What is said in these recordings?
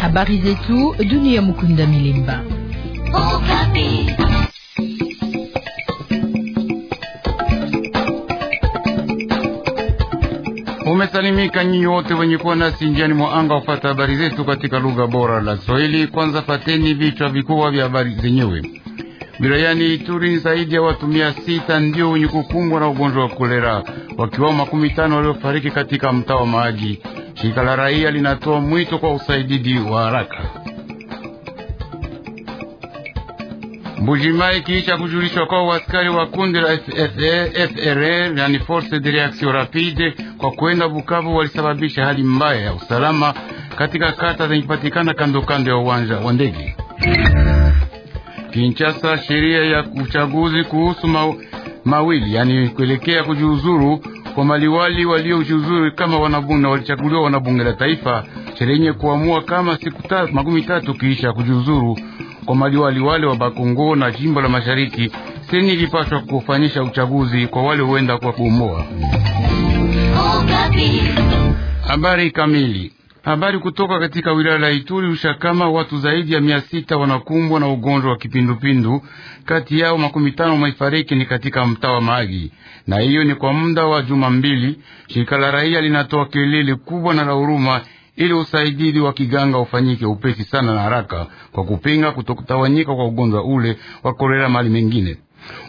Habari zetu dunia. Mukunda Milimba. Umesalimika nyinyi wote wenye kuwa nasi njiani mwa anga ufata habari zetu katika lugha bora la Kiswahili. Kwanza fateni vichwa vikubwa vya habari zenyewe. Wilayani Ituri zaidi ya watu mia sita ndio wenye kukumbwa na ugonjwa wa kolera, wakiwamo makumi tano waliofariki katika mtaa wa Maagi. Shirika la raia linatoa mwito kwa usaidizi wa haraka. Mbujimai kiisha kujulishwa kwa askari wa kundi la frr yani Force de Reaction Rapide kwa kwenda Bukavu, walisababisha hali mbaya ya usalama katika kata zinapatikana kando kando ya uwanja wa ndege Kinshasa. Sheria ya uchaguzi kuhusu ma mawili yani kuelekea kujiuzuru wa maliwali waliojiuzuru kama wanabunge walichaguliwa wanabunge la taifa chenye kuamua kama siku tatu, makumi tatu kiisha kujiuzuru kwa maliwali wale wa Bakongo na jimbo la Mashariki. Seni ilipaswa kufanyisha uchaguzi kwa wale huenda kwa kuumoa. Oh, Habari kamili Habari kutoka katika wilaya la Ituri Ushakama, watu zaidi ya mia sita wanakumbwa na ugonjwa wa kipindupindu, kati yao makumi tano maifariki ni katika mtaa wa Magi, na hiyo ni kwa muda wa juma mbili. Shirika la raia linatoa kelele kubwa na la huruma ili usaidizi wa kiganga ufanyike upesi sana na haraka kwa kupinga kutokutawanyika kwa ugonjwa ule wa kolera mali mengine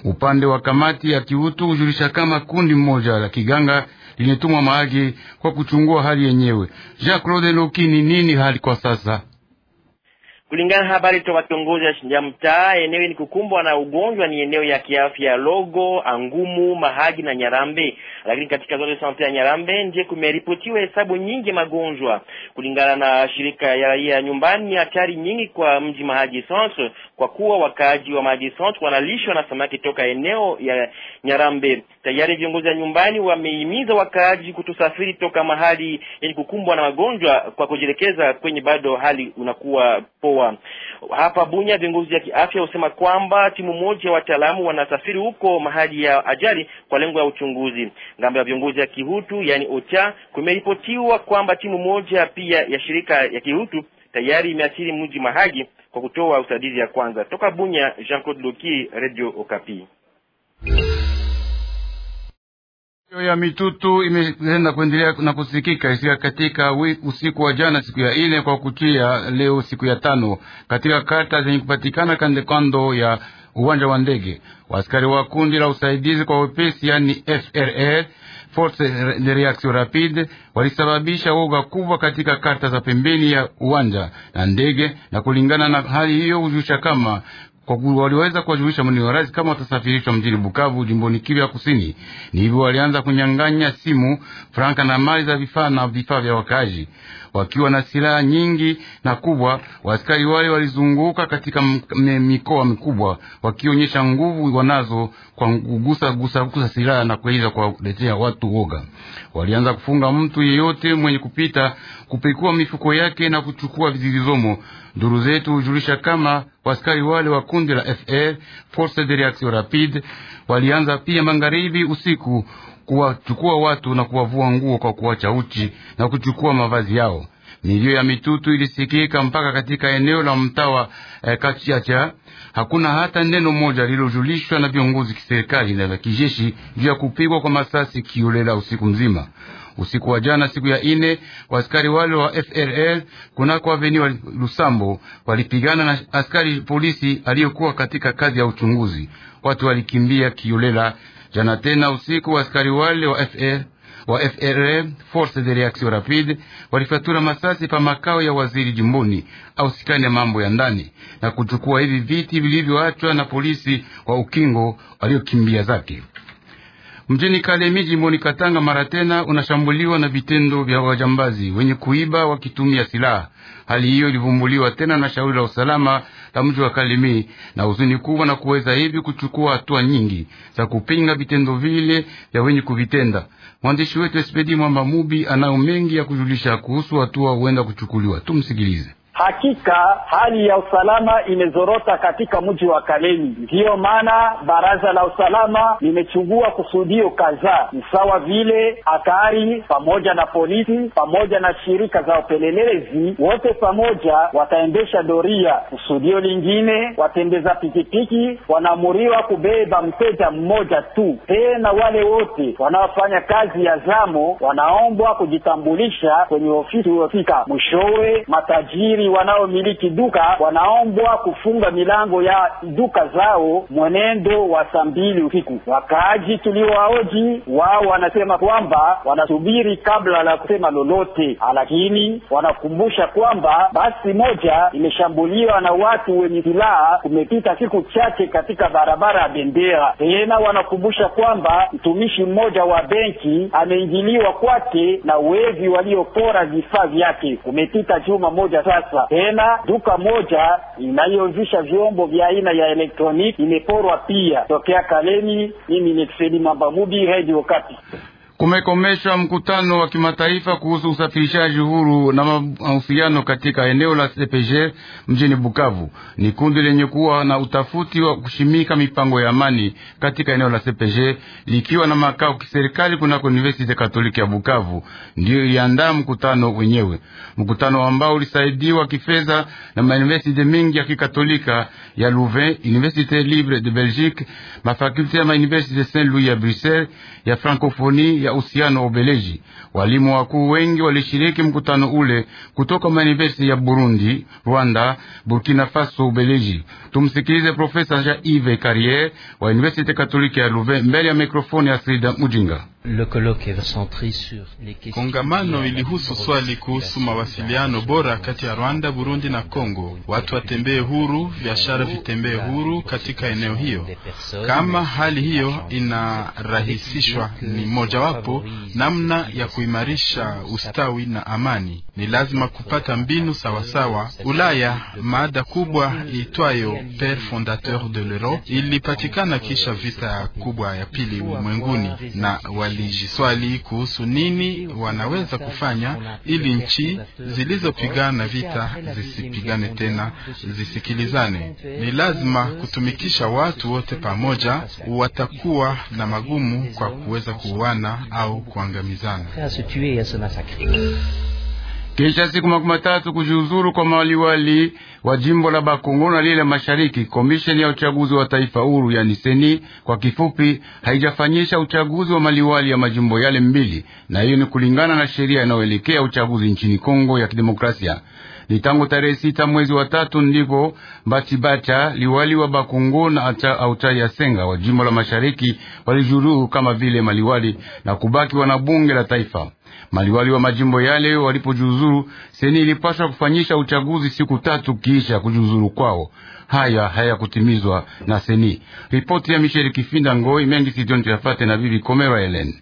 Upande wa kamati ya kiutu hujulisha kama kundi mmoja la kiganga limetumwa maagi kwa kuchungua hali yenyewe. Jean Claude Loki, ni nini hali kwa sasa? Kulingana na habari toka kiongozi ya mtaa, eneo ni kukumbwa na ugonjwa ni eneo ya kiafya Logo, Angumu, Mahagi na Nyarambe, lakini katika zote sante ya Nyarambe ndiye kumeripotiwa hesabu nyingi magonjwa. Kulingana na shirika ya raia nyumbani, hatari nyingi kwa mji Mahagi Centre kwa kuwa wakaaji wa Mahagi Centre wanalishwa na samaki toka eneo ya Nyarambe. Tayari viongozi wa nyumbani wamehimiza wakaaji kutosafiri toka mahali yenye kukumbwa na magonjwa kwa kujielekeza kwenye bado hali unakuwa poa mkoa. Hapa Bunya, viongozi ya kiafya husema kwamba timu moja ya wataalamu wanasafiri huko mahali ya ajali kwa lengo ya uchunguzi. Ngambo ya viongozi ya kihutu yaani OCHA, kumeripotiwa kwamba timu moja pia ya shirika ya kihutu tayari imeathiri mji Mahagi kwa kutoa usaidizi ya kwanza. Toka Bunya, Jean Claude Loki, Radio Okapi. ya mitutu imeenda kuendelea na kusikika isiyo katika usiku wa jana siku ya ine kwa kuchia leo siku ya tano katika kata zenye kupatikana kando ya uwanja wa ndege. Waaskari wa kundi la usaidizi kwa wepesi yani FRR, Force de Reaction Rapide, walisababisha woga kubwa katika kata za pembeni ya uwanja na ndege, na kulingana na hali hiyo ujusha kama kwa waliweza kuwajulisha mniwarazi kama watasafirishwa mjini Bukavu, jimboni Kivu ya Kusini. Ni hivyo walianza kunyang'anya simu, franka na mali za vifaa na vifaa vya wakaaji, wakiwa na silaha nyingi na kubwa. Waaskari wale walizunguka katika mikoa mikubwa, wakionyesha nguvu wanazo kwa kugusa gusa gusa silaha na kuweza kuwaletea watu woga. Walianza kufunga mtu yeyote mwenye kupita, kupekua mifuko yake na kuchukua zilizomo. Nduru zetu hujulisha kama Waskari wale wa kundi la FR Force de Reaction Rapide walianza pia magharibi usiku kuwachukua watu na kuwavua nguo kwa kuwacha uchi na kuchukua mavazi yao. Milio ya mitutu ilisikika mpaka katika eneo la mtaa wa eh, Kachiacha. Hakuna hata neno moja lililojulishwa na viongozi kiserikali na vya kijeshi juu ya kupigwa kwa masasi kiolela usiku mzima usiku wa jana, siku ya ine, waaskari wale wa FRL kunako aveni wa Lusambo walipigana na askari polisi aliyokuwa katika kazi ya uchunguzi. Watu walikimbia kiolela. Jana tena usiku waaskari wale wa FR wa FRA Force de Reaction Rapide walifyatura masasi pa makao ya waziri jimboni sikani ya mambo ya ndani na kuchukua hivi viti vilivyoachwa na polisi wa ukingo waliokimbia zake mjini Kalemi jimboni Katanga mara tena unashambuliwa na vitendo vya wajambazi wenye kuiba wakitumia silaha. Hali hiyo ilivumbuliwa tena na shauri la usalama la mji wa Kalemi na huzuni kubwa na kuweza hivi kuchukua hatua nyingi za kupinga vitendo vile vya wenye kuvitenda. Mwandishi wetu Espedi Mwamba Mubi anao mengi ya kujulisha kuhusu hatua huenda kuchukuliwa. Tumsikilize. Hakika hali ya usalama imezorota katika mji wa Kalemi, ndiyo maana baraza la usalama limechukua kusudio kadhaa, ni sawa vile akari pamoja na polisi pamoja na shirika za upelelezi, wote pamoja wataendesha doria. Kusudio lingine, watembeza pikipiki wanaamuriwa kubeba mteja mmoja tu. Tena wale wote wanaofanya kazi ya zamo wanaombwa kujitambulisha kwenye ofisi husika. Mwishowe matajiri wanaomiliki duka wanaombwa kufunga milango ya duka zao mwenendo wa saa mbili usiku. Wakaaji tuliowaoji wao wanasema kwamba wanasubiri kabla la kusema lolote, lakini wanakumbusha kwamba basi moja imeshambuliwa na watu wenye silaha kumepita siku chache katika barabara ya Bendera. Tena wanakumbusha kwamba mtumishi mmoja wa benki ameingiliwa kwake na wezi waliopora vifaa vyake kumepita juma moja sasa. Uingereza. Tena duka moja inayouzisha vyombo vya aina ya elektroniki imeporwa pia tokea Kalemi. Mimi ni Kseli Mambamudi, Radio Kati kumekomeshwa mkutano wa kimataifa kuhusu usafirishaji huru na mahusiano katika eneo la CPG mjini Bukavu. Ni kundi lenye kuwa na utafuti wa kushimika mipango ya amani katika eneo la CPG likiwa na makao kiserikali kunako Universite Katoliki ya Bukavu, ndiyo iliandaa mkutano wenyewe, mkutano ambao ulisaidiwa kifedha na mauniversite mengi ya kikatolika ya Louvain, Universite Libre de Belgique, mafakulte ya mauniversite Saint Louis ya Bruxelles, ya Francophonie ya uhusiano wa Ubeleji. Walimu wakuu wengi walishiriki mkutano ule kutoka mauniversiti ya Burundi, Rwanda, Burkina Faso, Ubeleji. Tumsikilize Profesa Jean Yves Carriere wa Universite Katolike ya Louvain mbele ya mikrofoni ya sida Mujinga. Kongamano ilihusu swali kuhusu mawasiliano bora kati ya Rwanda, Burundi na Kongo. Watu watembee huru, biashara vitembee huru katika eneo hiyo. Kama hali hiyo inarahisishwa, ni mojawapo namna ya kuimarisha ustawi na amani. Ni lazima kupata mbinu sawasawa. Ulaya, mada kubwa itwayo Pere Fondateur de l'Europe ilipatikana kisha vita kubwa ya pili ulimwenguni na walijiswali kuhusu nini wanaweza kufanya ili nchi zilizopigana vita zisipigane tena, zisikilizane. Ni lazima kutumikisha watu wote pamoja, watakuwa na magumu kwa kuweza kuuana au kuangamizana kisha siku makumi tatu kujiuzuru kwa maliwali wa jimbo la Bakongo na lile la Mashariki. Komisheni ya uchaguzi wa taifa huru yani seni kwa kifupi, haijafanyisha uchaguzi wa maliwali ya majimbo yale mbili, na hiyo ni kulingana na sheria inayoelekea uchaguzi nchini Kongo ya Kidemokrasia. Ni tangu tarehe sita mwezi wa tatu ndipo Batibacha liwali wa Bakongo na ya Asenga wa jimbo la Mashariki walijuruhu kama vile maliwali na kubaki wanabunge bunge la taifa. Maliwali wa majimbo yale walipojiuzuru, seni ilipaswa kufanyisha uchaguzi siku tatu kiisha kujiuzuru kwao. Haya hayakutimizwa na seni. Ripoti ya Michel Kifinda Ngoi mengi Sidoni Tafate na bibi Komera Helen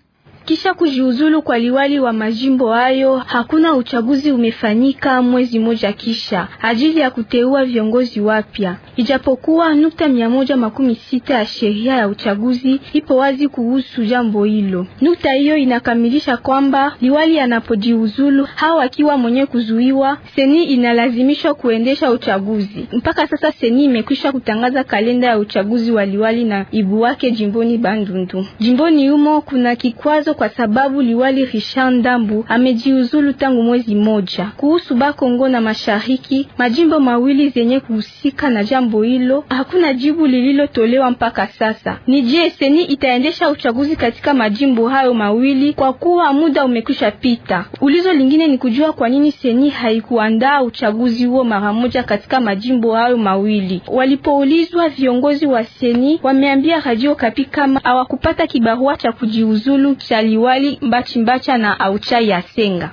kisha kujiuzulu kwa liwali wa majimbo hayo, hakuna uchaguzi umefanyika mwezi moja kisha ajili ya kuteua viongozi wapya, ijapokuwa nukta mia moja makumi sita ya sheria ya uchaguzi ipo wazi kuhusu jambo hilo. Nukta hiyo inakamilisha kwamba liwali anapojiuzulu hao akiwa mwenye kuzuiwa, seni inalazimishwa kuendesha uchaguzi. Mpaka sasa seni imekwisha kutangaza kalenda ya uchaguzi wa liwali na ibu wake jimboni Bandundu. Jimboni humo kuna kikwazo kwa sababu liwali Richard Ndambu amejiuzulu tangu mwezi moja. Kuhusu Bakongo na Mashariki, majimbo mawili zenye kuhusika na jambo hilo, hakuna jibu lililotolewa mpaka sasa. Ni je, seni itaendesha uchaguzi katika majimbo hayo mawili kwa kuwa muda umekwisha pita? Ulizo lingine ni kujua kwa nini seni haikuandaa uchaguzi huo mara moja katika majimbo hayo mawili. Walipoulizwa, viongozi wa seni wameambia Radio Kapi kama hawakupata kibarua cha kujiuzulu cha maliwali Mbachi Mbacha na Auchai Senga.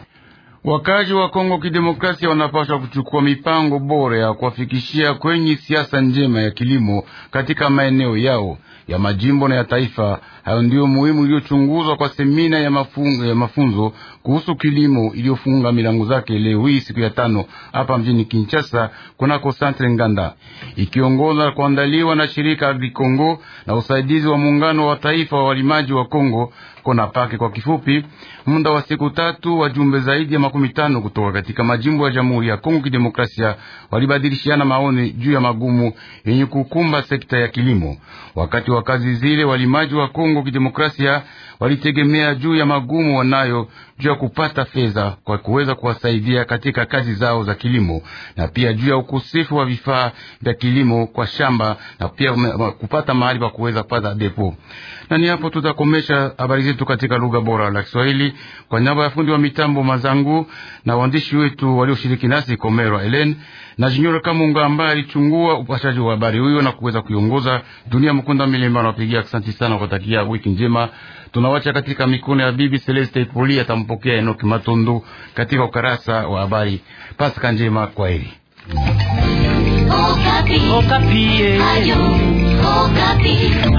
Wakaji wa Kongo Kidemokrasia wanapaswa kuchukua mipango bora ya kuwafikishia kwenye siasa njema ya kilimo katika maeneo yao ya majimbo na ya taifa. Hayo ndiyo muhimu iliyochunguzwa kwa semina ya, mafunzo, ya mafunzo kuhusu kilimo iliyofunga milango zake leo hii siku ya tano hapa mjini Kinshasa kunako Centre Nganda, ikiongozwa kuandaliwa na shirika Kongo na usaidizi wa muungano wa taifa wa walimaji wa Kongo Konapake kwa kifupi, muda wa siku tatu, wajumbe zaidi ya makumi tano kutoka katika majimbo ya Jamhuri ya Kongo Kidemokrasia walibadilishana maoni juu ya magumu yenye kukumba sekta ya kilimo. Wakati wa kazi zile, walimaji wa Kongo Kidemokrasia walitegemea juu ya magumu wanayo juu ya kupata fedha kwa kuweza kuwasaidia katika kazi zao za kilimo na pia juu ya ukosefu wa vifaa vya kilimo kwa shamba na pia kupata mahali pa kuweza kupata depo. Na ni hapo tutakomesha habari zetu katika lugha bora la Kiswahili kwa niaba ya fundi wa mitambo Mazangu na waandishi wetu walioshiriki nasi Komero Helen na Jinyoro Kamunga ambaye alichungua upashaji wa habari huyo na kuweza kuiongoza. Dunia Mkunda Milimba anawapigia asanti sana, kutakia wiki njema. Tunawacha katika mikono ya bibi Celeste Ipoli, atampokea Enoki Matundu katika ukarasa wa habari. Pasaka njema, kwa heri. Okapi. Okapi. Eh. Ayu, Okapi.